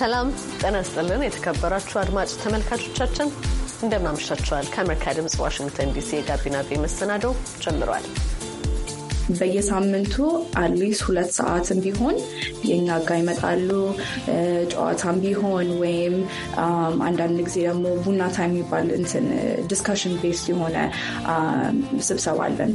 ሰላም ጤና ይስጥልን። የተከበራችሁ አድማጭ ተመልካቾቻችን እንደምናመሻችኋል። ከአሜሪካ ድምፅ ዋሽንግተን ዲሲ የጋቢና ቤ መሰናዶው ጀምሯል። በየሳምንቱ አትሊስት ሁለት ሰዓትም ቢሆን የእኛ ጋ ይመጣሉ። ጨዋታም ቢሆን ወይም አንዳንድ ጊዜ ደግሞ ቡናታ የሚባል እንትን ዲስካሽን ቤስ የሆነ ስብሰባ አለን።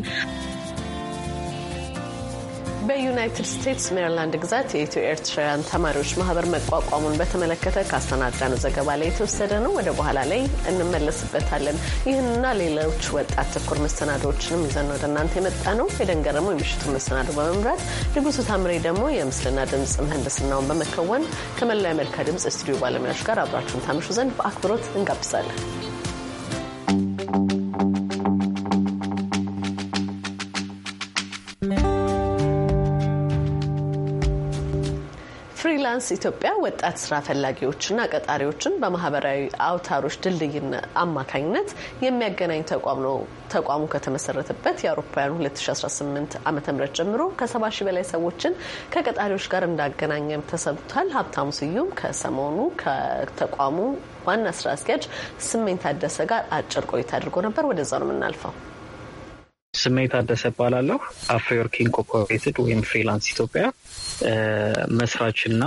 በዩናይትድ ስቴትስ ሜሪላንድ ግዛት የኢትዮ ኤርትራውያን ተማሪዎች ማህበር መቋቋሙን በተመለከተ ካሰናዳነው ዘገባ ላይ የተወሰደ ነው። ወደ በኋላ ላይ እንመለስበታለን። ይህንና ሌሎች ወጣት ትኩር መሰናዶዎችንም ይዘን ወደ እናንተ የመጣ ነው። የደንገ ደግሞ የምሽቱን መሰናዶ በመምራት ንጉሱ ታምሬ ደግሞ የምስልና ድምፅ ምህንድስናውን በመከወን ከመላው የአሜሪካ ድምፅ ስቱዲዮ ባለሙያዎች ጋር አብራችሁን ታመሹ ዘንድ በአክብሮት እንጋብዛለን። ቢያንስ ኢትዮጵያ ወጣት ስራ ፈላጊዎችና ቀጣሪዎችን በማህበራዊ አውታሮች ድልድይ አማካኝነት የሚያገናኝ ተቋም ነው። ተቋሙ ከተመሰረተበት የአውሮፓውያኑ 2018 ዓ ም ጀምሮ ከ70 በላይ ሰዎችን ከቀጣሪዎች ጋር እንዳገናኘም ተሰብቷል። ሀብታሙ ስዩም ከሰሞኑ ከተቋሙ ዋና ስራ አስኪያጅ ስሜኝ ታደሰ ጋር አጭር ቆይታ አድርጎ ነበር። ወደዛ ነው የምናልፈው። ስሜኝ ታደሰ እባላለሁ። አፍሪወርኪንግ ኮርፖሬትድ ወይም ፍሪላንስ ኢትዮጵያ መስራችና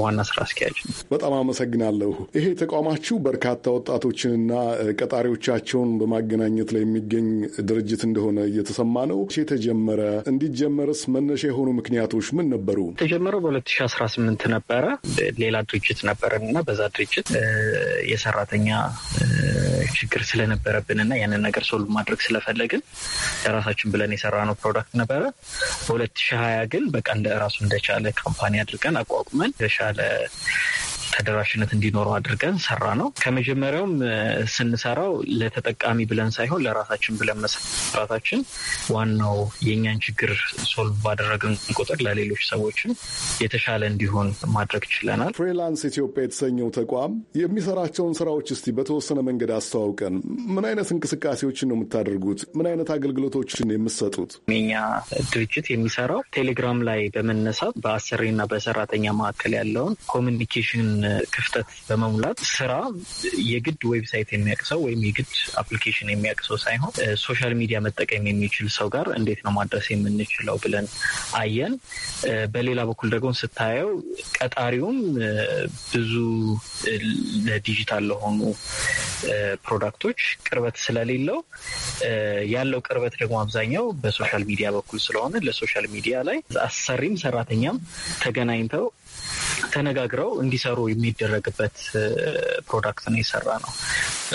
ዋና ስራ አስኪያጅ ነው። በጣም አመሰግናለሁ። ይሄ ተቋማችሁ በርካታ ወጣቶችንና ቀጣሪዎቻቸውን በማገናኘት ላይ የሚገኝ ድርጅት እንደሆነ እየተሰማ ነው። የተጀመረ እንዲጀመርስ መነሻ የሆኑ ምክንያቶች ምን ነበሩ? የተጀመረው በ2018 ነበረ። ሌላ ድርጅት ነበረን እና በዛ ድርጅት የሰራተኛ ችግር ስለነበረብን እና ያንን ነገር ሶልቭ ማድረግ ስለፈለግን ለራሳችን ብለን የሰራነው ፕሮዳክት ነበረ። በ2020 ግን በቃ እንደ ራሱ እንደ የተሻለ ካምፓኒ አድርገን አቋቁመን የተሻለ ተደራሽነት እንዲኖረው አድርገን ሰራ ነው። ከመጀመሪያውም ስንሰራው ለተጠቃሚ ብለን ሳይሆን ለራሳችን ብለን መስራታችን ዋናው የእኛን ችግር ሶልቭ ባደረግን ቁጥር ለሌሎች ሰዎችም የተሻለ እንዲሆን ማድረግ ችለናል። ፍሪላንስ ኢትዮጵያ የተሰኘው ተቋም የሚሰራቸውን ስራዎች እስቲ በተወሰነ መንገድ አስተዋውቀን። ምን አይነት እንቅስቃሴዎችን ነው የምታደርጉት? ምን አይነት አገልግሎቶችን የምትሰጡት? የኛ ድርጅት የሚሰራው ቴሌግራም ላይ በመነሳት በአሰሪና በሰራተኛ መካከል ያለውን ኮሚኒኬሽን ክፍተት በመሙላት ስራ የግድ ዌብሳይት የሚያውቅ ሰው ወይም የግድ አፕሊኬሽን የሚያውቅ ሰው ሳይሆን ሶሻል ሚዲያ መጠቀም የሚችል ሰው ጋር እንዴት ነው ማድረስ የምንችለው ብለን አየን። በሌላ በኩል ደግሞ ስታየው ቀጣሪውም ብዙ ለዲጂታል ለሆኑ ፕሮዳክቶች ቅርበት ስለሌለው ያለው ቅርበት ደግሞ አብዛኛው በሶሻል ሚዲያ በኩል ስለሆነ ለሶሻል ሚዲያ ላይ አሰሪም ሰራተኛም ተገናኝተው ተነጋግረው እንዲሰሩ የሚደረግበት ፕሮዳክት ነው የሰራ ነው።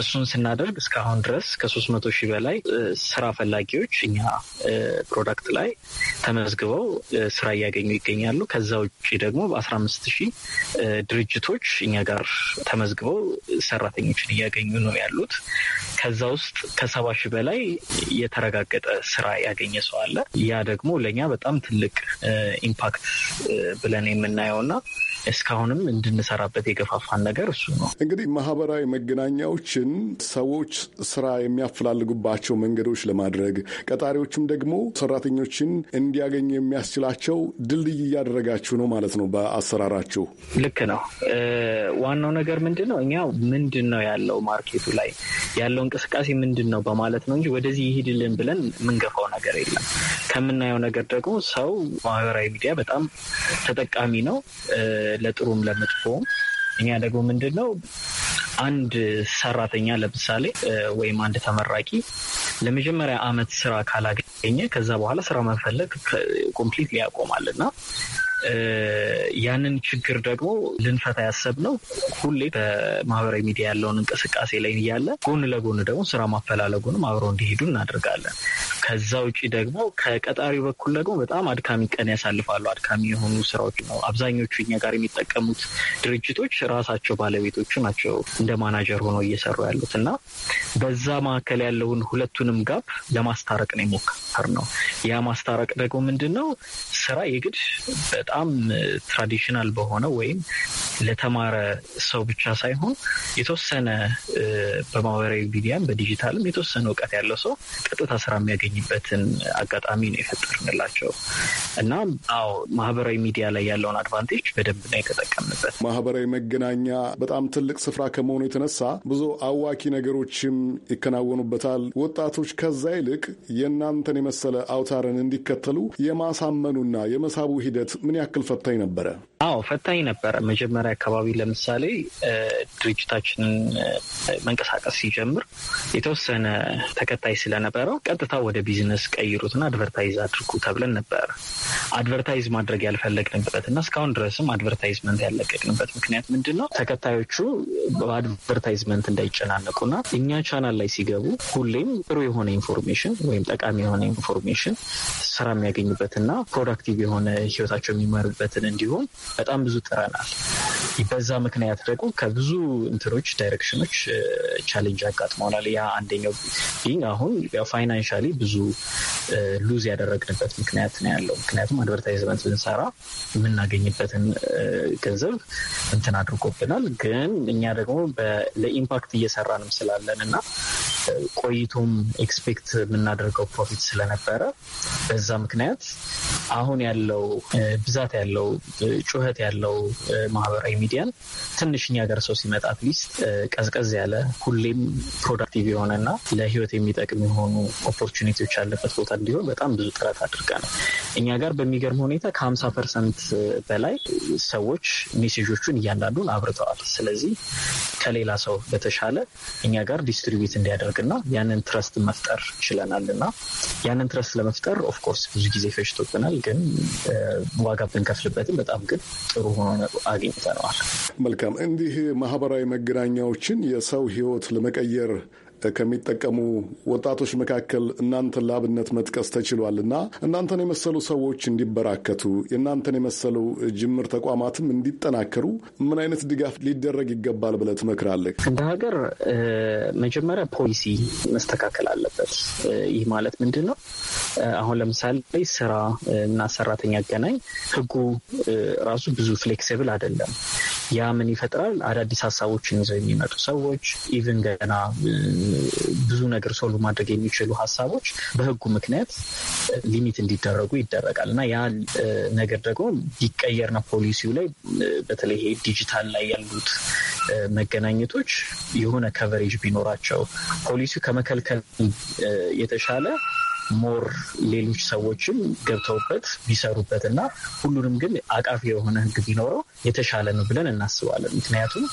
እሱን ስናደርግ እስካሁን ድረስ ከሶስት መቶ ሺህ በላይ ስራ ፈላጊዎች እኛ ፕሮዳክት ላይ ተመዝግበው ስራ እያገኙ ይገኛሉ። ከዛ ውጭ ደግሞ በአስራ አምስት ሺህ ድርጅቶች እኛ ጋር ተመዝግበው ሰራተኞችን እያገኙ ነው ያሉት። ከዛ ውስጥ ከሰባ ሺህ በላይ የተረጋገጠ ስራ ያገኘ ሰው አለ። ያ ደግሞ ለእኛ በጣም ትልቅ ኢምፓክት ብለን የምናየውና እስካሁንም እንድንሰራበት የገፋፋን ነገር እሱ ነው። እንግዲህ ማህበራዊ መገናኛዎችን ሰዎች ስራ የሚያፈላልጉባቸው መንገዶች ለማድረግ ቀጣሪዎችም ደግሞ ሰራተኞችን እንዲያገኙ የሚያስችላቸው ድልድይ እያደረጋችሁ ነው ማለት ነው። በአሰራራችሁ ልክ ነው። ዋናው ነገር ምንድን ነው? እኛ ምንድን ነው ያለው ማርኬቱ ላይ ያለው እንቅስቃሴ ምንድን ነው በማለት ነው እንጂ ወደዚህ ይሄድልን ብለን የምንገፋው ነገር የለም። ከምናየው ነገር ደግሞ ሰው ማህበራዊ ሚዲያ በጣም ተጠቃሚ ነው። ለጥሩም ለመጥፎም። እኛ ደግሞ ምንድን ነው አንድ ሰራተኛ ለምሳሌ ወይም አንድ ተመራቂ ለመጀመሪያ አመት ስራ ካላገኘ ከዛ በኋላ ስራ መፈለግ ኮምፕሊት ሊያቆማል እና ያንን ችግር ደግሞ ልንፈታ ያሰብነው ሁሌ በማህበራዊ ሚዲያ ያለውን እንቅስቃሴ ላይ እያለ ጎን ለጎን ደግሞ ስራ ማፈላለጉንም አብረው እንዲሄዱ እናደርጋለን። ከዛ ውጭ ደግሞ ከቀጣሪ በኩል ደግሞ በጣም አድካሚ ቀን ያሳልፋሉ። አድካሚ የሆኑ ስራዎች ነው። አብዛኞቹ እኛ ጋር የሚጠቀሙት ድርጅቶች ራሳቸው ባለቤቶቹ ናቸው እንደ ማናጀር ሆነው እየሰሩ ያሉት እና በዛ መካከል ያለውን ሁለቱንም ጋፕ ለማስታረቅ ነው የሞከር ነው። ያ ማስታረቅ ደግሞ ምንድን ነው ስራ የግድ በጣም ትራዲሽናል በሆነ ወይም ለተማረ ሰው ብቻ ሳይሆን የተወሰነ በማህበራዊ ሚዲያም በዲጂታልም የተወሰነ እውቀት ያለው ሰው ቀጥታ ስራ የሚያገኝ የምንለይበትን አጋጣሚ ነው የፈጠርንላቸው እና አዎ ማህበራዊ ሚዲያ ላይ ያለውን አድቫንቴጅ በደንብ ነው የተጠቀምበት። ማህበራዊ መገናኛ በጣም ትልቅ ስፍራ ከመሆኑ የተነሳ ብዙ አዋኪ ነገሮችም ይከናወኑበታል። ወጣቶች ከዛ ይልቅ የእናንተን የመሰለ አውታርን እንዲከተሉ የማሳመኑና የመሳቡ ሂደት ምን ያክል ፈታኝ ነበረ? አዎ ፈታኝ ነበረ። መጀመሪያ አካባቢ ለምሳሌ ድርጅታችንን መንቀሳቀስ ሲጀምር የተወሰነ ተከታይ ስለነበረው ቀጥታ ወደ ቢዝነስ ቀይሩትና አድቨርታይዝ አድርጉ ተብለን ነበር። አድቨርታይዝ ማድረግ ያልፈለግንበት እና እስካሁን ድረስም አድቨርታይዝመንት ያለቀቅንበት ምክንያት ምንድን ነው? ተከታዮቹ በአድቨርታይዝመንት እንዳይጨናነቁና እኛ ቻናል ላይ ሲገቡ ሁሌም ጥሩ የሆነ ኢንፎርሜሽን ወይም ጠቃሚ የሆነ ኢንፎርሜሽን ስራ የሚያገኙበትና ፕሮዳክቲቭ የሆነ ህይወታቸው የሚመሩበትን እንዲሆን በጣም ብዙ ጥረናል። በዛ ምክንያት ደግሞ ከብዙ እንትኖች ዳይሬክሽኖች ቻሌንጅ አጋጥመናል። ያ አንደኛው ቢንግ አሁን ፋይናንሻሊ ብዙ ብዙ ሉዝ ያደረግንበት ምክንያት ነው ያለው። ምክንያቱም አድቨርታይዝመንት ብንሰራ የምናገኝበትን ገንዘብ እንትን አድርጎብናል። ግን እኛ ደግሞ ለኢምፓክት እየሰራንም ስላለን እና ቆይቶም ኤክስፔክት የምናደርገው ፕሮፊት ስለነበረ በዛ ምክንያት አሁን ያለው ብዛት ያለው ጩኸት ያለው ማህበራዊ ሚዲያን ትንሽ እኛ ጋር ሰው ሲመጣ አትሊስት ቀዝቀዝ ያለ ሁሌም ፕሮዳክቲቭ የሆነና ለህይወት የሚጠቅም የሆኑ ኦፖርቹኒቲ ተጠቂዎች ያለበት ቦታ እንዲሆን በጣም ብዙ ጥረት አድርገናል። እኛ ጋር በሚገርም ሁኔታ ከሀምሳ ፐርሰንት በላይ ሰዎች ሜሴጆቹን እያንዳንዱን አብርተዋል። ስለዚህ ከሌላ ሰው በተሻለ እኛ ጋር ዲስትሪቢዩት እንዲያደርግና ያንን ትረስት መፍጠር ችለናል እና ያንን ትረስት ለመፍጠር ኦፍኮርስ ብዙ ጊዜ ፈጅቶብናል፣ ግን ዋጋ ብንከፍልበትም በጣም ግን ጥሩ ሆኖ አግኝተነዋል። መልካም። እንዲህ ማህበራዊ መገናኛዎችን የሰው ህይወት ለመቀየር ከሚጠቀሙ ወጣቶች መካከል እናንተን ለአብነት መጥቀስ ተችሏል እና እናንተን የመሰሉ ሰዎች እንዲበራከቱ የእናንተን የመሰሉ ጅምር ተቋማትም እንዲጠናከሩ ምን አይነት ድጋፍ ሊደረግ ይገባል ብለህ ትመክራለህ? እንደ ሀገር መጀመሪያ ፖሊሲ መስተካከል አለበት። ይህ ማለት ምንድን ነው? አሁን ለምሳሌ ስራ እና ሰራተኛ አገናኝ ህጉ ራሱ ብዙ ፍሌክሲብል አይደለም። ያ ምን ይፈጥራል? አዳዲስ ሀሳቦችን ይዘው የሚመጡ ሰዎች ኢቭን ገና ብዙ ነገር ሶልቭ ማድረግ የሚችሉ ሀሳቦች በህጉ ምክንያት ሊሚት እንዲደረጉ ይደረጋል እና ያ ነገር ደግሞ ነው ፖሊሲው ላይ በተለይ ይሄ ዲጂታል ላይ ያሉት መገናኘቶች የሆነ ከቨሬጅ ቢኖራቸው ፖሊሲው ከመከልከል የተሻለ ሞር ሌሎች ሰዎችም ገብተውበት ቢሰሩበት እና ሁሉንም ግን አቃፊ የሆነ ህግ ቢኖረው የተሻለ ነው ብለን እናስባለን። ምክንያቱም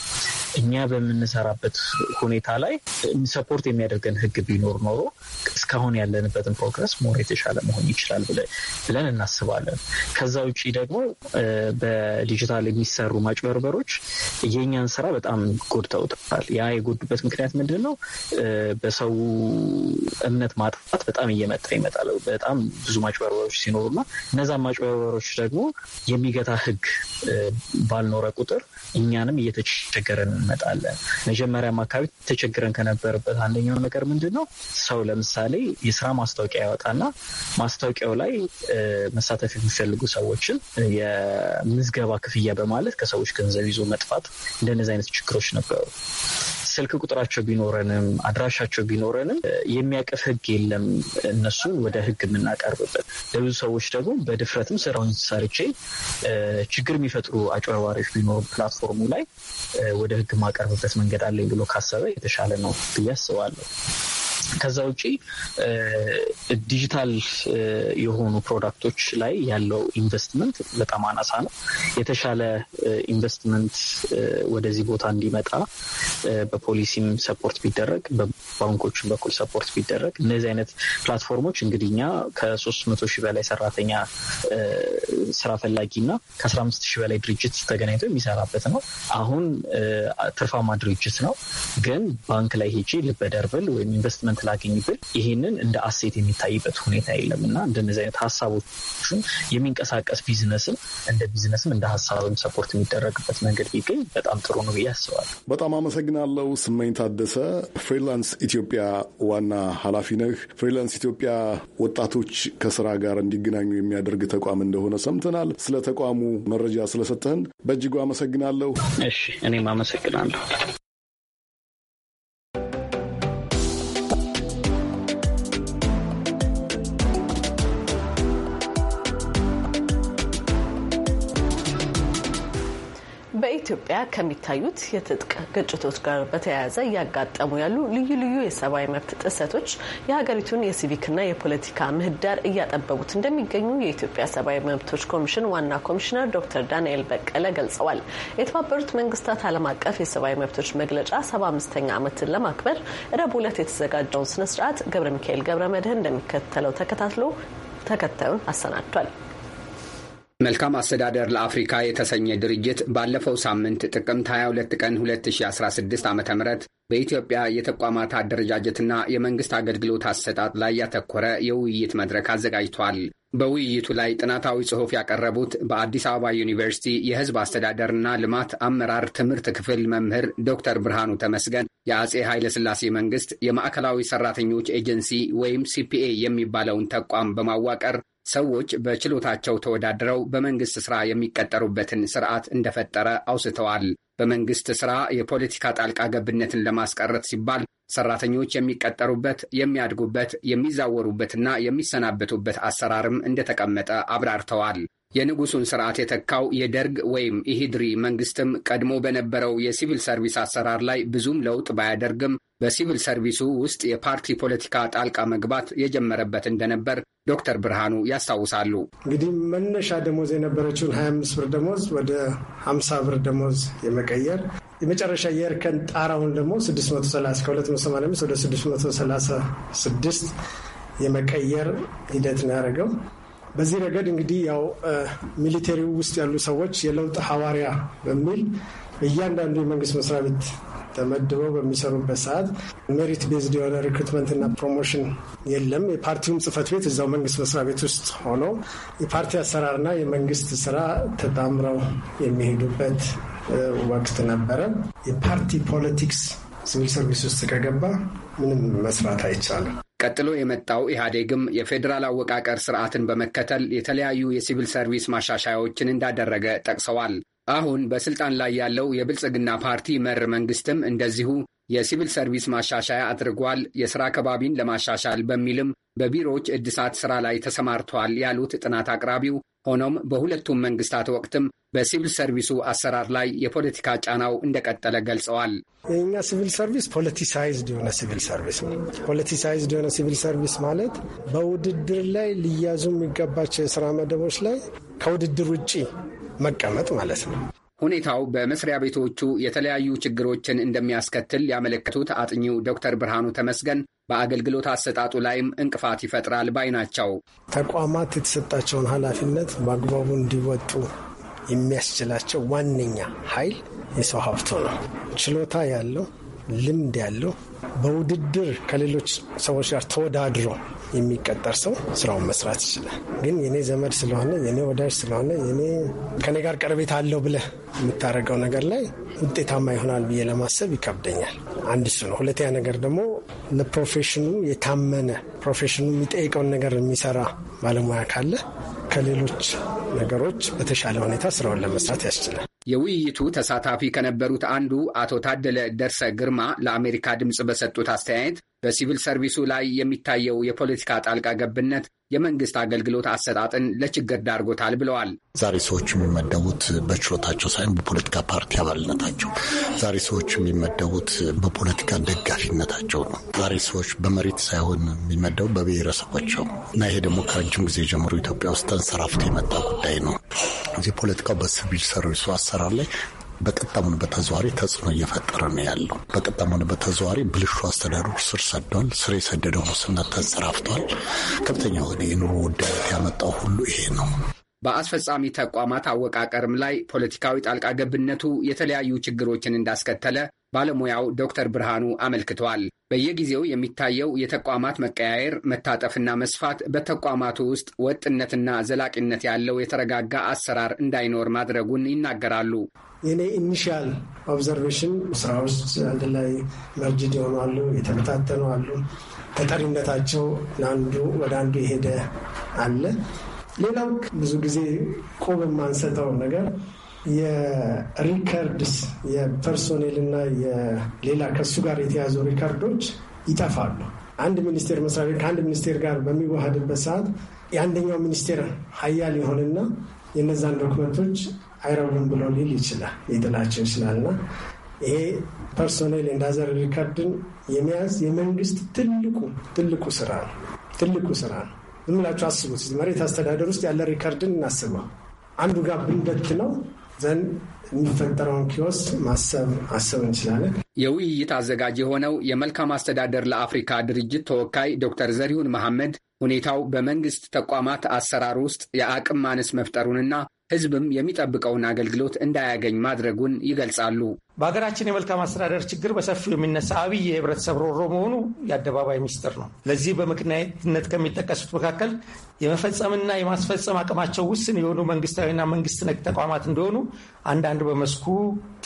እኛ በምንሰራበት ሁኔታ ላይ ሰፖርት የሚያደርገን ህግ ቢኖር ኖሮ እስካሁን ያለንበትን ፕሮግረስ ሞር የተሻለ መሆን ይችላል ብለን እናስባለን። ከዛ ውጭ ደግሞ በዲጂታል የሚሰሩ ማጭበርበሮች የእኛን ስራ በጣም ጎድተውታል። ያ የጎዱበት ምክንያት ምንድን ነው? በሰው እምነት ማጥፋት በጣም እየመ እያነጣጠረ ይመጣል። በጣም ብዙ ማጭበርበሮች ሲኖሩና እነዛ ማጭበርበሮች ደግሞ የሚገታ ህግ ባልኖረ ቁጥር እኛንም እየተቸገረን እንመጣለን። መጀመሪያም አካባቢ ተቸግረን ከነበረበት አንደኛው ነገር ምንድን ነው? ሰው ለምሳሌ የስራ ማስታወቂያ ያወጣና ማስታወቂያው ላይ መሳተፍ የሚፈልጉ ሰዎችን የምዝገባ ክፍያ በማለት ከሰዎች ገንዘብ ይዞ መጥፋት እንደነዚህ አይነት ችግሮች ነበሩ። ስልክ ቁጥራቸው ቢኖረንም አድራሻቸው ቢኖረንም የሚያቅፍ ህግ የለም እነሱን ወደ ህግ የምናቀርብበት። ለብዙ ሰዎች ደግሞ በድፍረትም ስራውን ሰርቼ ችግር የሚፈጥሩ አጭበርባሪዎች ቢኖሩ ፕላትፎርሙ ላይ ወደ ህግ ማቀርብበት መንገድ አለኝ ብሎ ካሰበ የተሻለ ነው ብዬ አስባለሁ። ከዛ ውጪ ዲጂታል የሆኑ ፕሮዳክቶች ላይ ያለው ኢንቨስትመንት በጣም አናሳ ነው። የተሻለ ኢንቨስትመንት ወደዚህ ቦታ እንዲመጣ በፖሊሲም ሰፖርት ቢደረግ ባንኮችን በኩል ሰፖርት ቢደረግ እነዚህ አይነት ፕላትፎርሞች እንግዲህ እኛ ከሶስት መቶ ሺህ በላይ ሰራተኛ ስራ ፈላጊና ከአስራ አምስት ሺህ በላይ ድርጅት ተገናኝቶ የሚሰራበት ነው። አሁን ትርፋማ ድርጅት ነው። ግን ባንክ ላይ ሄጂ ልበደር ብል ወይም ኢንቨስትመንት ላገኝ ብል ይህንን እንደ አሴት የሚታይበት ሁኔታ የለም እና እንደነዚህ አይነት ሀሳቦችን የሚንቀሳቀስ ቢዝነስም እንደ ቢዝነስም እንደ ሀሳብም ሰፖርት የሚደረግበት መንገድ ቢገኝ በጣም ጥሩ ነው ብዬ አስባለሁ። በጣም አመሰግናለሁ። ስመኝ ታደሰ ፍሪላንስ ኢትዮጵያ ዋና ኃላፊ ነህ። ፍሪላንስ ኢትዮጵያ ወጣቶች ከስራ ጋር እንዲገናኙ የሚያደርግ ተቋም እንደሆነ ሰምተናል። ስለ ተቋሙ መረጃ ስለሰጠህን በእጅጉ አመሰግናለሁ። እሺ፣ እኔም አመሰግናለሁ። በኢትዮጵያ ከሚታዩት የትጥቅ ግጭቶች ጋር በተያያዘ እያጋጠሙ ያሉ ልዩ ልዩ የሰብአዊ መብት ጥሰቶች የሀገሪቱን የሲቪክና የፖለቲካ ምህዳር እያጠበቡት እንደሚገኙ የኢትዮጵያ ሰብአዊ መብቶች ኮሚሽን ዋና ኮሚሽነር ዶክተር ዳንኤል በቀለ ገልጸዋል። የተባበሩት መንግስታት ዓለም አቀፍ የሰብአዊ መብቶች መግለጫ ሰባ አምስተኛ ዓመትን ለማክበር ረቡዕ ዕለት የተዘጋጀውን ስነስርዓት ገብረ ሚካኤል ገብረ መድህን እንደሚከተለው ተከታትሎ ተከታዩን አሰናድቷል። መልካም አስተዳደር ለአፍሪካ የተሰኘ ድርጅት ባለፈው ሳምንት ጥቅምት 22 ቀን 2016 ዓ ም በኢትዮጵያ የተቋማት አደረጃጀትና የመንግሥት አገልግሎት አሰጣጥ ላይ ያተኮረ የውይይት መድረክ አዘጋጅቷል። በውይይቱ ላይ ጥናታዊ ጽሑፍ ያቀረቡት በአዲስ አበባ ዩኒቨርሲቲ የሕዝብ አስተዳደርና ልማት አመራር ትምህርት ክፍል መምህር ዶክተር ብርሃኑ ተመስገን የአጼ ኃይለሥላሴ መንግሥት የማዕከላዊ ሠራተኞች ኤጀንሲ ወይም ሲፒኤ የሚባለውን ተቋም በማዋቀር ሰዎች በችሎታቸው ተወዳድረው በመንግስት ሥራ የሚቀጠሩበትን ስርዓት እንደፈጠረ አውስተዋል። በመንግስት ሥራ የፖለቲካ ጣልቃ ገብነትን ለማስቀረት ሲባል ሰራተኞች የሚቀጠሩበት፣ የሚያድጉበት፣ የሚዛወሩበትና የሚሰናበቱበት አሰራርም እንደተቀመጠ አብራርተዋል። የንጉሱን ስርዓት የተካው የደርግ ወይም ኢሂድሪ መንግስትም ቀድሞ በነበረው የሲቪል ሰርቪስ አሰራር ላይ ብዙም ለውጥ ባያደርግም በሲቪል ሰርቪሱ ውስጥ የፓርቲ ፖለቲካ ጣልቃ መግባት የጀመረበት እንደነበር ዶክተር ብርሃኑ ያስታውሳሉ። እንግዲህ መነሻ ደሞዝ የነበረችውን 25 ብር ደሞዝ ወደ 50 ብር ደሞዝ የመቀየር የመጨረሻ የእርከን ጣራውን ደግሞ 630 ወደ 636 የመቀየር ሂደት ነው ያደረገው። በዚህ ረገድ እንግዲህ ያው ሚሊቴሪው ውስጥ ያሉ ሰዎች የለውጥ ሐዋርያ በሚል እያንዳንዱ የመንግስት መስሪያ ቤት ተመድበው በሚሰሩበት ሰዓት ሜሪት ቤዝድ የሆነ ሪክሩትመንት እና ፕሮሞሽን የለም። የፓርቲውም ጽህፈት ቤት እዛው መንግስት መስሪያ ቤት ውስጥ ሆኖ የፓርቲ አሰራርና የመንግስት ስራ ተጣምረው የሚሄዱበት ወቅት ነበረ። የፓርቲ ፖለቲክስ ሲቪል ሰርቪስ ውስጥ ከገባ ምንም መስራት አይቻልም። ቀጥሎ የመጣው ኢህአዴግም የፌዴራል አወቃቀር ስርዓትን በመከተል የተለያዩ የሲቪል ሰርቪስ ማሻሻያዎችን እንዳደረገ ጠቅሰዋል። አሁን በስልጣን ላይ ያለው የብልጽግና ፓርቲ መር መንግስትም እንደዚሁ የሲቪል ሰርቪስ ማሻሻያ አድርጓል። የሥራ ከባቢን ለማሻሻል በሚልም በቢሮዎች እድሳት ሥራ ላይ ተሰማርቷል ያሉት ጥናት አቅራቢው ሆኖም በሁለቱም መንግስታት ወቅትም በሲቪል ሰርቪሱ አሰራር ላይ የፖለቲካ ጫናው እንደቀጠለ ገልጸዋል። የእኛ ሲቪል ሰርቪስ ፖለቲሳይዝድ የሆነ ሲቪል ሰርቪስ ነው። ፖለቲሳይዝድ የሆነ ሲቪል ሰርቪስ ማለት በውድድር ላይ ሊያዙ የሚገባቸው የስራ መደቦች ላይ ከውድድር ውጪ መቀመጥ ማለት ነው። ሁኔታው በመስሪያ ቤቶቹ የተለያዩ ችግሮችን እንደሚያስከትል ያመለከቱት አጥኚው ዶክተር ብርሃኑ ተመስገን በአገልግሎት አሰጣጡ ላይም እንቅፋት ይፈጥራል ባይ ናቸው። ተቋማት የተሰጣቸውን ኃላፊነት በአግባቡ እንዲወጡ የሚያስችላቸው ዋነኛ ኃይል የሰው ሀብቱ ነው። ችሎታ ያለው ልምድ ያለው በውድድር ከሌሎች ሰዎች ጋር ተወዳድሮ የሚቀጠር ሰው ስራውን መስራት ይችላል። ግን የኔ ዘመድ ስለሆነ የኔ ወዳጅ ስለሆነ የኔ ከኔ ጋር ቀረቤት አለው ብለህ የምታደርገው ነገር ላይ ውጤታማ ይሆናል ብዬ ለማሰብ ይከብደኛል። አንድ እሱ ነው። ሁለተኛ ነገር ደግሞ ለፕሮፌሽኑ የታመነ ፕሮፌሽኑ የሚጠይቀውን ነገር የሚሰራ ባለሙያ ካለ ከሌሎች ነገሮች በተሻለ ሁኔታ ስራውን ለመስራት ያስችላል። የውይይቱ ተሳታፊ ከነበሩት አንዱ አቶ ታደለ ደርሰ ግርማ ለአሜሪካ ድምፅ በሰጡት አስተያየት በሲቪል ሰርቪሱ ላይ የሚታየው የፖለቲካ ጣልቃ ገብነት የመንግስት አገልግሎት አሰጣጥን ለችግር ዳርጎታል ብለዋል። ዛሬ ሰዎች የሚመደቡት በችሎታቸው ሳይሆን በፖለቲካ ፓርቲ አባልነታቸው፣ ዛሬ ሰዎች የሚመደቡት በፖለቲካ ደጋፊነታቸው ነው። ዛሬ ሰዎች በመሬት ሳይሆን የሚመደቡ በብሔረሰቦቸው እና ይሄ ደግሞ ከረጅም ጊዜ ጀምሮ ኢትዮጵያ ውስጥ ተንሰራፍቶ የመጣ ጉዳይ ነው። እዚህ ፖለቲካው በሲቪል ሰርቪሱ አሰራር ላይ በቀጥታም ሆነ በተዘዋዋሪ ተጽዕኖ እየፈጠረ ነው ያለው። በቀጥታም ሆነ በተዘዋዋሪ ብልሹ አስተዳደሩ ስር ሰደዋል። ስር የሰደደው ሙስና ተንሰራፍቷል። ከፍተኛ ወደ የኑሮ ውድነት ያመጣው ሁሉ ይሄ ነው። በአስፈጻሚ ተቋማት አወቃቀርም ላይ ፖለቲካዊ ጣልቃ ገብነቱ የተለያዩ ችግሮችን እንዳስከተለ ባለሙያው ዶክተር ብርሃኑ አመልክቷል። በየጊዜው የሚታየው የተቋማት መቀያየር፣ መታጠፍና መስፋት በተቋማቱ ውስጥ ወጥነትና ዘላቂነት ያለው የተረጋጋ አሰራር እንዳይኖር ማድረጉን ይናገራሉ። የኔ ኢኒሻል ኦብዘርቬሽን ስራ ውስጥ አንድ ላይ መርጅድ ይሆናሉ፣ የተበታተኑ አሉ፣ ተጠሪነታቸው ለአንዱ ወደ አንዱ የሄደ አለ። ሌላው ብዙ ጊዜ ቆብ የማንሰጠው ነገር የሪከርድስ የፐርሶኔል እና የሌላ ከሱ ጋር የተያዙ ሪከርዶች ይጠፋሉ። አንድ ሚኒስቴር መስሪያ ቤት ከአንድ ሚኒስቴር ጋር በሚዋሃድበት ሰዓት የአንደኛው ሚኒስቴር ሀያል የሆንና የነዛን ዶክመንቶች አይረቡም ብሎ ሊል ይችላል ሊጥላቸው ይችላልና ይሄ ፐርሶኔል እንዳዘር ሪከርድን የመያዝ የመንግስት ትልቁ ትልቁ ስራ ነው። ትልቁ ስራ ነው። ዝም ብላችሁ አስቡት። መሬት አስተዳደር ውስጥ ያለ ሪከርድን እናስበው። አንዱ ጋር ብንበት ነው ዘንድ የሚፈጠረውን ኪዮስ ማሰብ አስብ እንችላለን። የውይይት አዘጋጅ የሆነው የመልካም አስተዳደር ለአፍሪካ ድርጅት ተወካይ ዶክተር ዘሪሁን መሐመድ ሁኔታው በመንግስት ተቋማት አሰራር ውስጥ የአቅም ማነስ መፍጠሩንና ህዝብም የሚጠብቀውን አገልግሎት እንዳያገኝ ማድረጉን ይገልጻሉ። በሀገራችን የመልካም አስተዳደር ችግር በሰፊው የሚነሳ አብይ የህብረተሰብ ሮሮ መሆኑ የአደባባይ ሚስጥር ነው። ለዚህ በምክንያትነት ከሚጠቀሱት መካከል የመፈጸምና የማስፈጸም አቅማቸው ውስን የሆኑ መንግስታዊና መንግስት ነክ ተቋማት እንደሆኑ አንዳንድ በመስኩ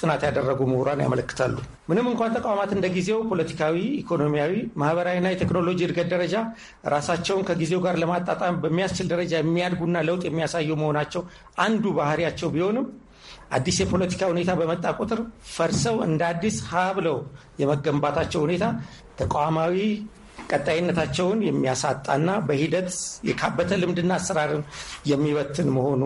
ጥናት ያደረጉ ምሁራን ያመለክታሉ። ምንም እንኳን ተቋማት እንደ ጊዜው ፖለቲካዊ፣ ኢኮኖሚያዊ፣ ማህበራዊና የቴክኖሎጂ እድገት ደረጃ ራሳቸውን ከጊዜው ጋር ለማጣጣም በሚያስችል ደረጃ የሚያድጉና ለውጥ የሚያሳዩ መሆናቸው አንዱ ባህሪያቸው ቢሆንም አዲስ የፖለቲካ ሁኔታ በመጣ ቁጥር ፈርሰው እንደ አዲስ ሀ ብለው የመገንባታቸው ሁኔታ ተቋማዊ ቀጣይነታቸውን የሚያሳጣና በሂደት የካበተ ልምድና አሰራርን የሚበትን መሆኑ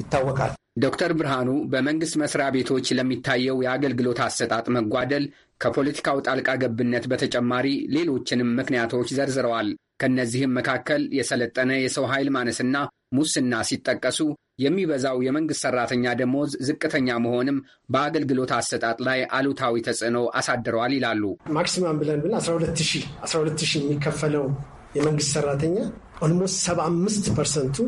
ይታወቃል። ዶክተር ብርሃኑ በመንግስት መስሪያ ቤቶች ለሚታየው የአገልግሎት አሰጣጥ መጓደል ከፖለቲካው ጣልቃ ገብነት በተጨማሪ ሌሎችንም ምክንያቶች ዘርዝረዋል። ከእነዚህም መካከል የሰለጠነ የሰው ኃይል ማነስና ሙስና ሲጠቀሱ የሚበዛው የመንግሥት ሠራተኛ ደሞዝ ዝቅተኛ መሆንም በአገልግሎት አሰጣጥ ላይ አሉታዊ ተጽዕኖ አሳድረዋል ይላሉ። ማክሲማም ብለን ብን 12 ሺህ የሚከፈለው የመንግስት ሰራተኛ ኦልሞስት 75 ፐርሰንቱ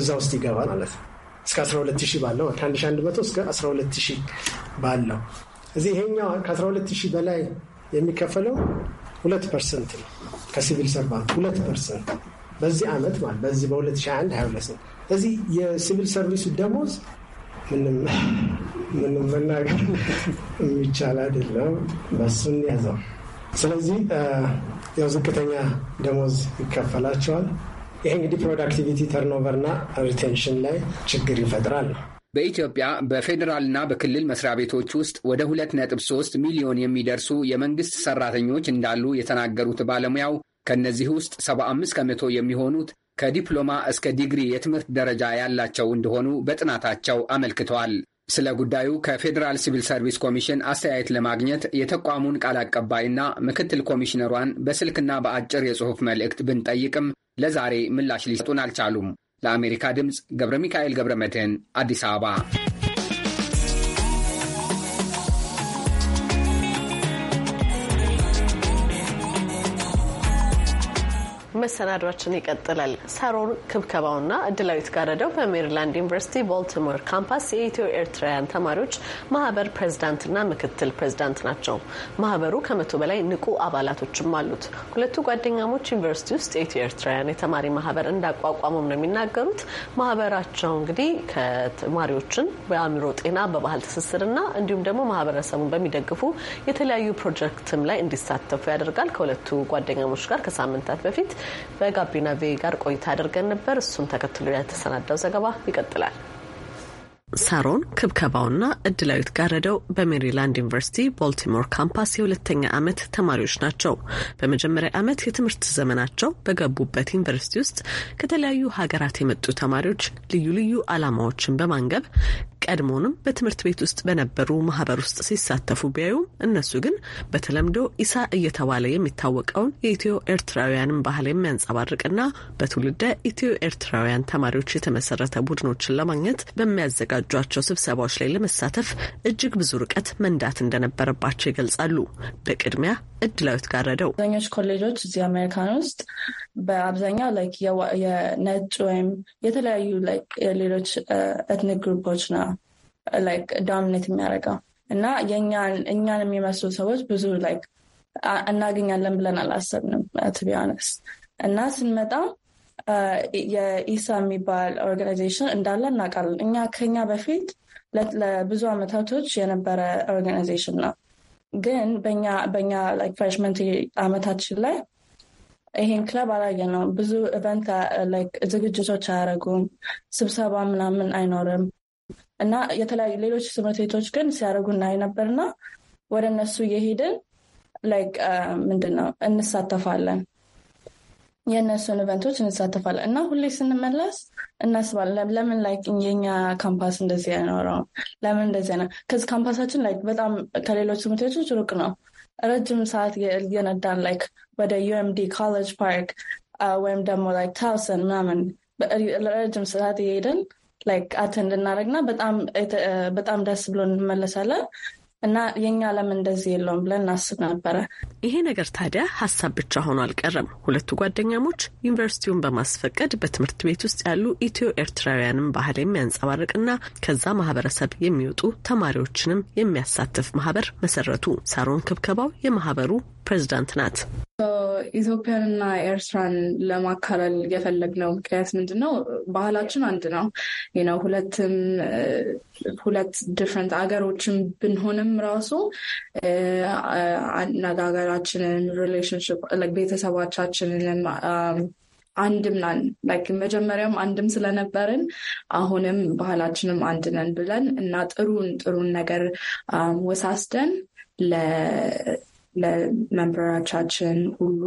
እዛ ውስጥ ይገባል ማለት ነው። እስከ 12 ሺህ ባለው ከ1100 እስከ 12 ሺህ ባለው እዚህ ይሄኛው ከ12 ሺህ በላይ የሚከፈለው ሁለት ፐርሰንት ነው። ከሲቪል ሰርቫንት ሁለት ፐርሰንት በዚህ ዓመት ማለት በዚህ በ2021 22 ነው እዚህ የሲቪል ሰርቪሱ ደሞዝ ምንም መናገር የሚቻል አይደለም። በሱን ያዘው። ስለዚህ ያው ዝቅተኛ ደሞዝ ይከፈላቸዋል። ይሄ እንግዲህ ፕሮዳክቲቪቲ ተርኖቨር ሪቴንሽን ላይ ችግር ይፈጥራል። በኢትዮጵያ በፌዴራልና በክልል መስሪያ ቤቶች ውስጥ ወደ 2.3 ሚሊዮን የሚደርሱ የመንግስት ሰራተኞች እንዳሉ የተናገሩት ባለሙያው ከእነዚህ ውስጥ 75 ከመቶ የሚሆኑት ከዲፕሎማ እስከ ዲግሪ የትምህርት ደረጃ ያላቸው እንደሆኑ በጥናታቸው አመልክተዋል። ስለ ጉዳዩ ከፌዴራል ሲቪል ሰርቪስ ኮሚሽን አስተያየት ለማግኘት የተቋሙን ቃል አቀባይና ምክትል ኮሚሽነሯን በስልክና በአጭር የጽሑፍ መልእክት ብንጠይቅም ለዛሬ ምላሽ ሊሰጡን አልቻሉም። ለአሜሪካ ድምፅ ገብረ ሚካኤል ገብረ መድህን አዲስ አበባ መሰናዷችን ይቀጥላል። ሳሮን ክብከባውና እድላዊት ጋረደው በሜሪላንድ ዩኒቨርሲቲ ቦልቲሞር ካምፓስ የኢትዮ ኤርትራውያን ተማሪዎች ማህበር ፕሬዝዳንትና ምክትል ፕሬዝዳንት ናቸው። ማህበሩ ከመቶ በላይ ንቁ አባላቶችም አሉት። ሁለቱ ጓደኛሞች ዩኒቨርሲቲ ውስጥ የኢትዮ ኤርትራውያን የተማሪ ማህበር እንዳቋቋሙም ነው የሚናገሩት። ማህበራቸው እንግዲህ ከተማሪዎችን በአእምሮ ጤና፣ በባህል ትስስርና እንዲሁም ደግሞ ማህበረሰቡን በሚደግፉ የተለያዩ ፕሮጀክትም ላይ እንዲሳተፉ ያደርጋል። ከሁለቱ ጓደኛሞች ጋር ከሳምንታት በፊት በጋቢና ቪ ጋር ቆይታ አድርገን ነበር። እሱን ተከትሎ ያልተሰናዳው ዘገባ ይቀጥላል። ሳሮን ክብከባውና እድላዊት ጋረደው በሜሪላንድ ዩኒቨርሲቲ ቦልቲሞር ካምፓስ የሁለተኛ ዓመት ተማሪዎች ናቸው። በመጀመሪያ ዓመት የትምህርት ዘመናቸው በገቡበት ዩኒቨርሲቲ ውስጥ ከተለያዩ ሀገራት የመጡ ተማሪዎች ልዩ ልዩ ዓላማዎችን በማንገብ ቀድሞውንም በትምህርት ቤት ውስጥ በነበሩ ማህበር ውስጥ ሲሳተፉ ቢያዩም እነሱ ግን በተለምዶ ኢሳ እየተባለ የሚታወቀውን የኢትዮ ኤርትራውያንን ባህል የሚያንጸባርቅና በትውልደ ኢትዮ ኤርትራውያን ተማሪዎች የተመሰረተ ቡድኖችን ለማግኘት በሚያዘጋጇቸው ስብሰባዎች ላይ ለመሳተፍ እጅግ ብዙ ርቀት መንዳት እንደነበረባቸው ይገልጻሉ። በቅድሚያ እድላዊት ጋረደው አብዛኞች ኮሌጆች እዚህ አሜሪካን ውስጥ በአብዛኛው የነጭ ወይም የተለያዩ ሌሎች ኤትኒክ ግሩፖች ነው ላይክ ዳምኔት የሚያደርገው እና እኛን የሚመስሉ ሰዎች ብዙ ላይክ እናገኛለን ብለን አላሰብንም ትቢያነስ uh, እና ስንመጣ uh, የኢሳ የሚባል ኦርጋናይዜሽን እንዳለ እናውቃለን። እኛ ከኛ በፊት ለብዙ አመታቶች የነበረ ኦርጋናይዜሽን ነው። ግን በኛ ፍሬሽመንት አመታችን ላይ ይሄን ክለብ አላየ ነው። ብዙ ኢቨንት ዝግጅቶች አያደርጉም፣ ስብሰባ ምናምን አይኖርም። እና የተለያዩ ሌሎች ትምህርት ቤቶች ግን ሲያደርጉ እናይ ነበርና ወደ እነሱ እየሄድን ላይክ ምንድን ነው እንሳተፋለን የእነሱን ኢቨንቶች እንሳተፋለን እና ሁሌ ስንመለስ እናስባለን ለምን ላይክ የኛ ካምፓስ እንደዚህ አይኖረው ለምን እንደዚህ ነው? ከዚህ ካምፓሳችን ላይክ በጣም ከሌሎች ትምህርት ቤቶች ሩቅ ነው። ረጅም ሰዓት የነዳን ላይክ ወደ ዩኤምዲ ኮሌጅ ፓርክ ወይም ደግሞ ላይክ ታውሰን ምናምን ረጅም ሰዓት የሄድን ላይክ አተንድ እናደረግና በጣም ደስ ብሎ እንመለሳለን። እና የኛ ዓለም እንደዚህ የለውም ብለን እናስብ ነበረ። ይሄ ነገር ታዲያ ሀሳብ ብቻ ሆኖ አልቀረም። ሁለቱ ጓደኛሞች ዩኒቨርሲቲውን በማስፈቀድ በትምህርት ቤት ውስጥ ያሉ ኢትዮ ኤርትራውያንን ባህል የሚያንጸባርቅና ከዛ ማህበረሰብ የሚወጡ ተማሪዎችንም የሚያሳትፍ ማህበር መሰረቱ። ሳሮን ክብከባው የማህበሩ ፕሬዝዳንት ናት። ኢትዮጵያንና ኤርትራን ለማካለል የፈለግነው ምክንያት ምንድን ነው? ባህላችን አንድ ነው ነው ሁለትም uh, ሁለት ዲፍረንት አገሮችን ብንሆንም ራሱ uh, አነጋገራችንን፣ ሪሌሽንሽፕ ቤተሰባቻችንንም um, አንድም ናን ላይክ መጀመሪያም አንድም ስለነበርን አሁንም ባህላችንም አንድ ነን ብለን እና ጥሩን ጥሩን ነገር um, ወሳስደን ለመንበራቻችን ሁሉ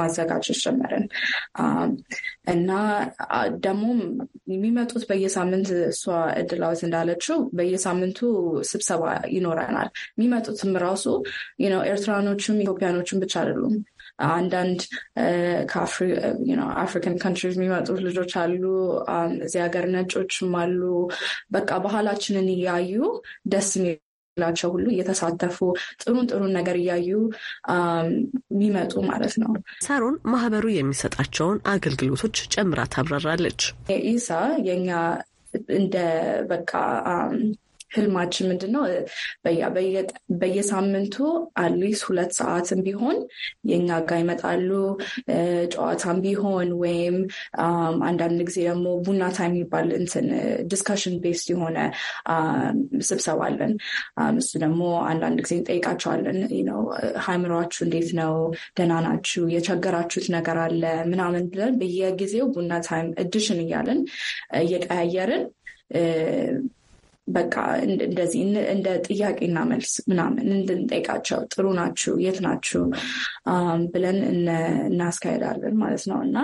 ማዘጋጀት ጀመርን እና ደግሞም የሚመጡት በየሳምንት እሷ እድላዊት እንዳለችው በየሳምንቱ ስብሰባ ይኖረናል። የሚመጡትም ራሱ ኤርትራኖችም ኢትዮጵያኖችም ብቻ አይደሉም። አንዳንድ ከአፍሪካን ካንትሪዝ የሚመጡት ልጆች አሉ። እዚህ ሀገር ነጮችም አሉ። በቃ ባህላችንን እያዩ ደስ የሚል ላቸው ሁሉ እየተሳተፉ ጥሩን ጥሩን ነገር እያዩ የሚመጡ ማለት ነው። ሳሮን ማህበሩ የሚሰጣቸውን አገልግሎቶች ጨምራ ታብራራለች። ኢሳ የኛ እንደ በቃ ህልማችን ምንድን ነው? በየሳምንቱ አትሊስት ሁለት ሰዓትም ቢሆን የእኛ ጋ ይመጣሉ። ጨዋታም ቢሆን ወይም አንዳንድ ጊዜ ደግሞ ቡና ታይም የሚባል እንትን ዲስካሽን ቤስ የሆነ ስብሰባ አለን። እሱ ደግሞ አንዳንድ ጊዜ እንጠይቃቸዋለን። ሃይምሯችሁ እንዴት ነው? ደህና ናችሁ? የቸገራችሁት ነገር አለ ምናምን ብለን በየጊዜው ቡና ታይም እድሽን እያለን እየቀያየርን በቃ እንደዚህ እንደ ጥያቄና መልስ ምናምን እንድንጠይቃቸው ጥሩ ናችሁ፣ የት ናችሁ ብለን እናስካሄዳለን ማለት ነው እና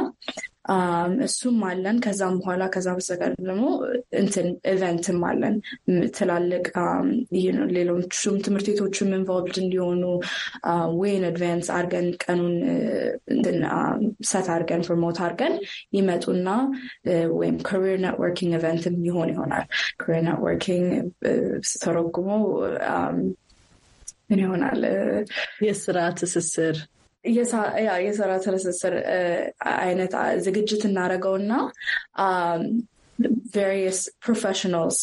እሱም አለን። ከዛም በኋላ ከዛ በስተቀር ደግሞ እንትን ኢቨንትም አለን ትላልቅ ሌሎቹም ትምህርት ቤቶችም ኢንቮልቭድ እንዲሆኑ ወይን አድቫንስ አርገን ቀኑን ሰት አርገን ፕሮሞት አርገን ይመጡና ወይም ካሪር ኔትወርኪንግ ኢቨንትም ይሆን ይሆናል። ካሪር ኔትወርኪንግ ስተረጉሞ ምን ይሆናል? የስራ ትስስር የሰራ ትስስር አይነት ዝግጅት እናደርገውና ቬሪየስ ፕሮፌሽናልስ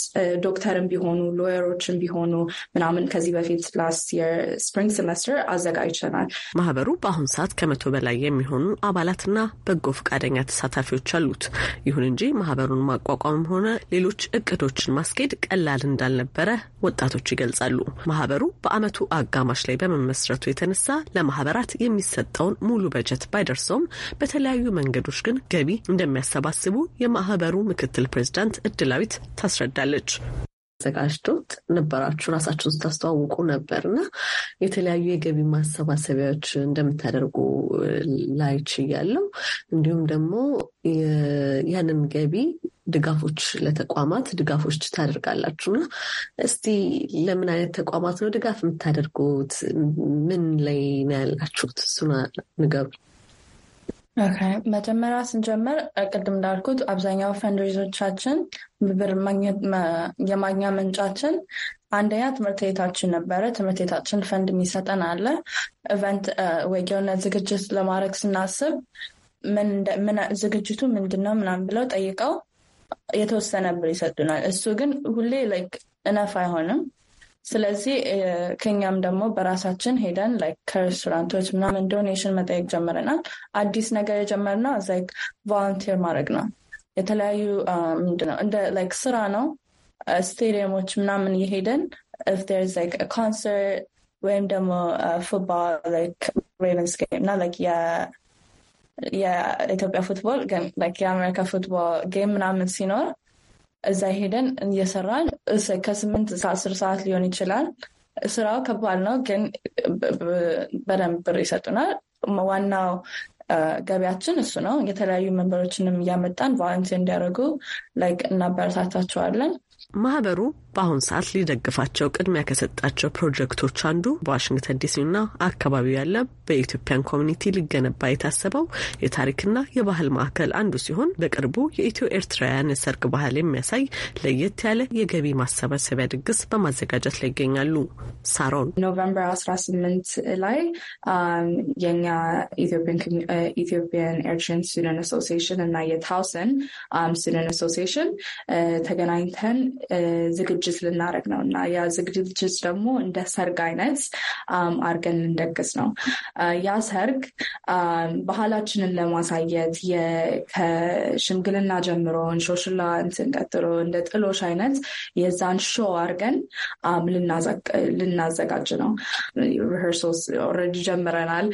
ዶክተርም ቢሆኑ ሎየሮችም ቢሆኑ ምናምን ከዚህ በፊት ላስት የር ስፕሪንግ ሴሜስተር አዘጋጅተናል። ማህበሩ በአሁኑ ሰዓት ከመቶ በላይ የሚሆኑ አባላትና በጎ ፈቃደኛ ተሳታፊዎች አሉት። ይሁን እንጂ ማህበሩን ማቋቋምም ሆነ ሌሎች እቅዶችን ማስኬድ ቀላል እንዳልነበረ ወጣቶች ይገልጻሉ። ማህበሩ በአመቱ አጋማሽ ላይ በመመስረቱ የተነሳ ለማህበራት የሚሰጠውን ሙሉ በጀት ባይደርሰውም በተለያዩ መንገዶች ግን ገቢ እንደሚያሰባስቡ የማህበሩ ምክትል ምክትል ፕሬዚዳንት እድላዊት ታስረዳለች። ተዘጋጅቶት ነበራችሁ ራሳችሁን ስታስተዋውቁ ነበር እና የተለያዩ የገቢ ማሰባሰቢያዎች እንደምታደርጉ ላይ ችያለሁ። እንዲሁም ደግሞ ያንን ገቢ ድጋፎች ለተቋማት ድጋፎች ታደርጋላችሁ እና እስቲ ለምን አይነት ተቋማት ነው ድጋፍ የምታደርጉት? ምን ላይ ነው ያላችሁት? እሱን ንገሩ። መጀመሪያ ስንጀምር ቅድም እንዳልኩት አብዛኛው ፈንድሪዞቻችን ብር የማግኛ ምንጫችን አንደኛ ትምህርት ቤታችን ነበረ። ትምህርት ቤታችን ፈንድ የሚሰጠን አለ። ኢቨንት ወይ ዝግጅት ለማድረግ ስናስብ ዝግጅቱ ምንድን ነው ምናምን ብለው ጠይቀው የተወሰነ ብር ይሰጡናል። እሱ ግን ሁሌ ላይክ እነፍ አይሆንም። ስለዚህ ከኛም ደግሞ በራሳችን ሄደን ከሬስቶራንቶች ምናምን ዶኔሽን መጠየቅ ጀምረናል። አዲስ ነገር የጀመርነው እዛ ቮለንቲር ማድረግ ነው። የተለያዩ ምንድነው እንደ ላይክ ስራ ነው። ስቴዲየሞች ምናምን የሄደን ኢፍ ዜር ላይክ ኮንሰርት ወይም ደግሞ ፉትባል ላይክ ሬቨንስ ጌም እና ላይክ የኢትዮጵያ ፉትቦል ግን ላይክ የአሜሪካ ፉትቦል ጌም ምናምን ሲኖር እዛ ሄደን እየሰራን ከስምንት እስከ አስር ሰዓት ሊሆን ይችላል። ስራው ከባድ ነው፣ ግን በደንብ ብር ይሰጡናል። ዋናው ገቢያችን እሱ ነው። የተለያዩ መንበሮችንም እያመጣን ቫለንቲር እንዲያደርጉ ላይክ እናበረታታቸዋለን። ማህበሩ በአሁን ሰዓት ሊደግፋቸው ቅድሚያ ከሰጣቸው ፕሮጀክቶች አንዱ በዋሽንግተን ዲሲና አካባቢው ያለ በኢትዮጵያን ኮሚኒቲ ሊገነባ የታሰበው የታሪክና የባህል ማዕከል አንዱ ሲሆን በቅርቡ የኢትዮ ኤርትራውያን የሰርግ ባህል የሚያሳይ ለየት ያለ የገቢ ማሰባሰቢያ ድግስ በማዘጋጀት ላይ ይገኛሉ። ሳሮን ኖቨምበር 18 ላይ um, የኛ ኢትዮጵያን uh, ኤርትራን ስቱደንት አሶሲሽን እና የታውሰን um, ስቱደንት አሶሲሽን uh, ተገናኝተን ዝግጅት ልናደርግ ነው እና ያ ዝግጅት ደግሞ እንደ ሰርግ አይነት አድርገን ልንደግስ ነው። ያ ሰርግ ባህላችንን ለማሳየት ከሽምግልና ጀምሮ እንሾሽላ እንትን ቀጥሎ እንደ ጥሎሽ አይነት የዛን ሾ አድርገን ልናዘጋጅ ነው። ሪሄርሶስ ኦልሬዲ ጀምረናል።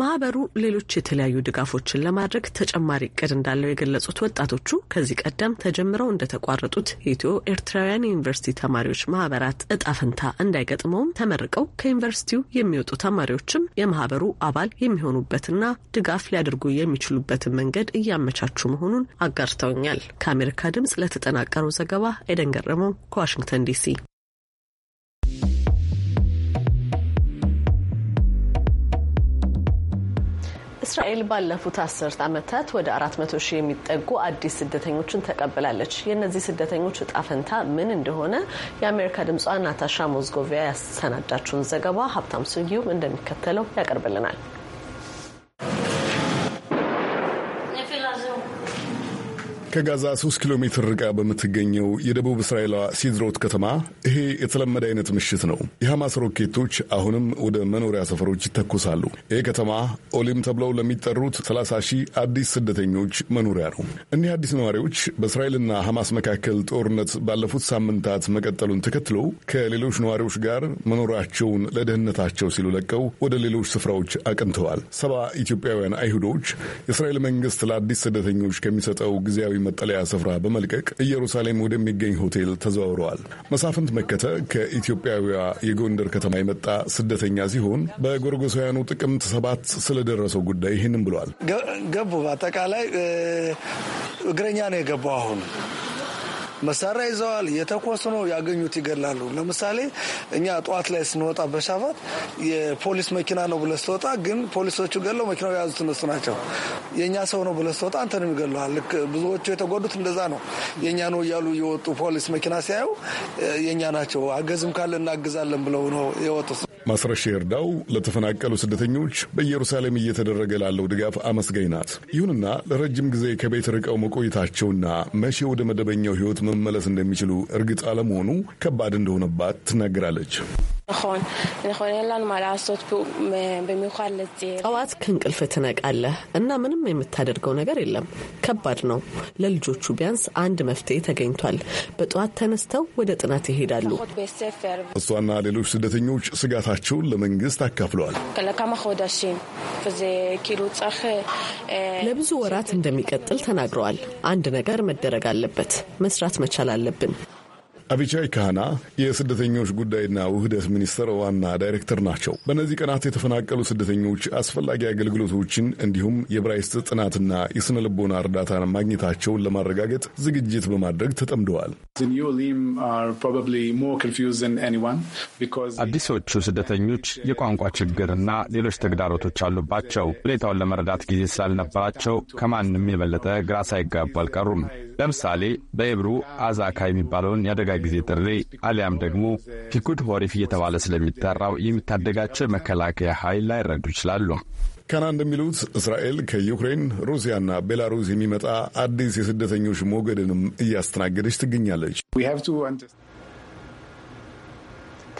ማህበሩ ሌሎች የተለያዩ ድጋፎችን ለማድረግ ተጨማሪ እቅድ እንዳለው የገለጹት ወጣቶቹ ከዚህ ቀደም ተጀምረው እንደተቋረጡት ኢትዮ የኤርትራውያን የዩኒቨርሲቲ ተማሪዎች ማህበራት እጣ ፈንታ እንዳይገጥመውም ተመርቀው ከዩኒቨርሲቲው የሚወጡ ተማሪዎችም የማህበሩ አባል የሚሆኑበትና ድጋፍ ሊያደርጉ የሚችሉበትን መንገድ እያመቻቹ መሆኑን አጋርተውኛል። ከአሜሪካ ድምጽ ለተጠናቀረው ዘገባ ኤደን ገረመው ከዋሽንግተን ዲሲ እስራኤል ባለፉት አስርት ዓመታት ወደ አራት መቶ ሺህ የሚጠጉ አዲስ ስደተኞችን ተቀብላለች። የእነዚህ ስደተኞች እጣ ፈንታ ምን እንደሆነ የአሜሪካ ድምጿ ናታሻ ሞዝጎቪያ ያሰናዳችውን ዘገባ ሀብታም ስዩም እንደሚከተለው ያቀርብልናል። ከጋዛ 3 ኪሎ ሜትር ርቃ በምትገኘው የደቡብ እስራኤላ ሲድሮት ከተማ ይሄ የተለመደ አይነት ምሽት ነው። የሐማስ ሮኬቶች አሁንም ወደ መኖሪያ ሰፈሮች ይተኩሳሉ። ይህ ከተማ ኦሊም ተብለው ለሚጠሩት 30 ሺህ አዲስ ስደተኞች መኖሪያ ነው። እኒህ አዲስ ነዋሪዎች በእስራኤልና ሐማስ መካከል ጦርነት ባለፉት ሳምንታት መቀጠሉን ተከትለው ከሌሎች ነዋሪዎች ጋር መኖሪያቸውን ለደህንነታቸው ሲሉ ለቀው ወደ ሌሎች ስፍራዎች አቅንተዋል። ሰባ ኢትዮጵያውያን አይሁዶች የእስራኤል መንግስት ለአዲስ ስደተኞች ከሚሰጠው ጊዜያዊ መጠለያ ስፍራ በመልቀቅ ኢየሩሳሌም ወደሚገኝ ሆቴል ተዘዋውረዋል። መሳፍንት መከተ ከኢትዮጵያዊዋ የጎንደር ከተማ የመጣ ስደተኛ ሲሆን በጎርጎሳውያኑ ጥቅምት ሰባት ስለደረሰው ጉዳይ ይህንም ብሏል። ገቡ በአጠቃላይ እግረኛ ነው የገባው አሁን መሳሪያ ይዘዋል። የተኮስ ነው ያገኙት ይገላሉ። ለምሳሌ እኛ ጠዋት ላይ ስንወጣ በሻፋት የፖሊስ መኪና ነው ብለህ ስትወጣ ግን ፖሊሶቹ ገለው መኪናው የያዙት እነሱ ናቸው። የእኛ ሰው ነው ብለህ ስትወጣ አንተንም ይገለዋል። ልክ ብዙዎቹ የተጎዱት እንደዛ ነው። የእኛ ነው እያሉ የወጡ ፖሊስ መኪና ሲያዩ የእኛ ናቸው አገዝም ካለ እናግዛለን ብለው ነው የወጡት። ማስረሻ እርዳው ለተፈናቀሉ ስደተኞች በኢየሩሳሌም እየተደረገ ላለው ድጋፍ አመስጋኝ ናት። ይሁንና ለረጅም ጊዜ ከቤት ርቀው መቆየታቸውና መቼ ወደ መደበኛው ህይወት መመለስ እንደሚችሉ እርግጥ አለመሆኑ ከባድ እንደሆነባት ትናገራለች። ጠዋት ከእንቅልፍ ትነቃለህ እና ምንም የምታደርገው ነገር የለም። ከባድ ነው። ለልጆቹ ቢያንስ አንድ መፍትሄ ተገኝቷል። በጠዋት ተነስተው ወደ ጥናት ይሄዳሉ። እሷና ሌሎች ስደተኞች ስጋታቸውን ለመንግስት አካፍለዋል። ለብዙ ወራት እንደሚቀጥል ተናግረዋል። አንድ ነገር መደረግ አለበት። መስራት መቻል አለብን። አቢቻይ ካህና የስደተኞች ጉዳይና ውህደት ሚኒስቴር ዋና ዳይሬክተር ናቸው። በእነዚህ ቀናት የተፈናቀሉ ስደተኞች አስፈላጊ አገልግሎቶችን እንዲሁም የብራይስት ጥናትና የስነ ልቦና እርዳታን ማግኘታቸውን ለማረጋገጥ ዝግጅት በማድረግ ተጠምደዋል። አዲሶቹ ስደተኞች የቋንቋ ችግርና ሌሎች ተግዳሮቶች አሉባቸው። ሁኔታውን ለመረዳት ጊዜ ስላልነበራቸው ከማንም የበለጠ ግራ ሳይጋቡ አልቀሩም። ለምሳሌ በኤብሩ አዛካ የሚባለውን የአደጋ ጊዜ ጥሪ አሊያም ደግሞ ፒኩድ ሆሪፍ እየተባለ ስለሚጠራው የሚታደጋቸው የመከላከያ ኃይል ላይረዱ ይችላሉ። ከና እንደሚሉት እስራኤል ከዩክሬን ሩሲያና ቤላሩስ የሚመጣ አዲስ የስደተኞች ሞገድንም እያስተናገደች ትገኛለች።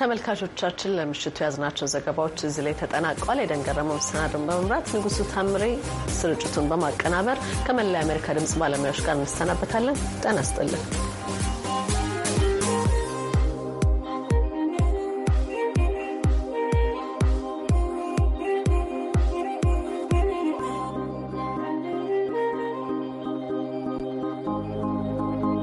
ተመልካቾቻችን ለምሽቱ ያዝናቸው ዘገባዎች እዚህ ላይ ተጠናቋል። የደንገረመው መሰናዶን በመምራት ንጉሱ ታምሬ፣ ስርጭቱን በማቀናበር ከመላ የአሜሪካ ድምፅ ባለሙያዎች ጋር እንሰናበታለን። ጤና ይስጥልን።